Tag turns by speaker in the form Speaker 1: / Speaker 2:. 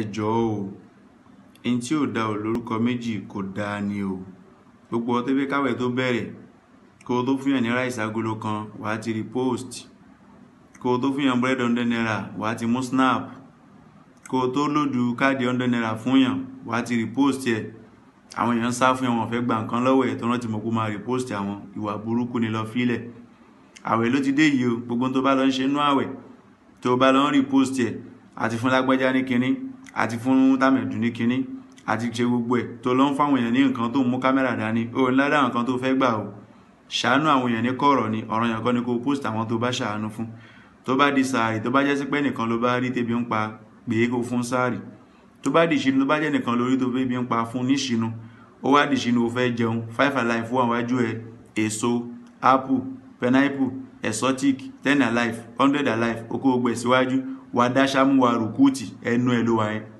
Speaker 1: ẹ jọ̀ọ́ o ẹni tí ò da ò lórúkọ méjì kò dáa ni o gbogbo ọtí pé káwẹ̀ tó bẹ̀rẹ̀ kó o tó fún yàn ní ráìsì agolo kan wà á ti rí post kó o tó fún yàn búrẹ́dì ọ̀ndẹ́ náírà wà á ti mú snap kó o tó lòdù káàdì ọ̀ndẹ́ náírà fún yàn wà á ti rí post yẹ àwọn èèyàn ń sá fún yàn wọn fẹ́ gba nǹkan lọ́wọ́ ẹ̀ tó rántí mọ̀ kó máa rí post àwọn ìwà burúkú ni lọ fílẹ̀ àwẹ̀ ló ti dé yìí o gbogbo tó bá lọ ń ṣe nú àwẹ̀ tó bá lọ ń rí post yẹ àti fún lágbájá ní kinní àti fún tàmẹ̀dù ní kinní àti ṣe gbogbo ẹ̀ tó lọ ń fáwọn èèyàn ní nǹkan tó mú kámẹ́rà dání ó ń ládà nǹkan tó fẹ́ gbà o ṣàánú àwọn èèyàn ní kọ̀rọ̀ ni ọ̀ràn yàn kọ́ ni kó post àwọn tó bá ṣàánú fún tó bá di sáàrì tó bá jẹ́ sí pé nìkan ló bá rí tẹ́bi ń pa pé kó fún sáàrì tó bá di ìṣinu tó bá jẹ́ nìkan lórí tó bí ń pa fún níṣinu ó wá di ìṣinu ó fẹ́ jẹun five alive wà wájú ẹ èso apple pineapple exotic ten alive hundred alive okòógbẹ̀ síwájú wàdásàmúwà rùkúùtì ẹnu ẹ̀ ló wà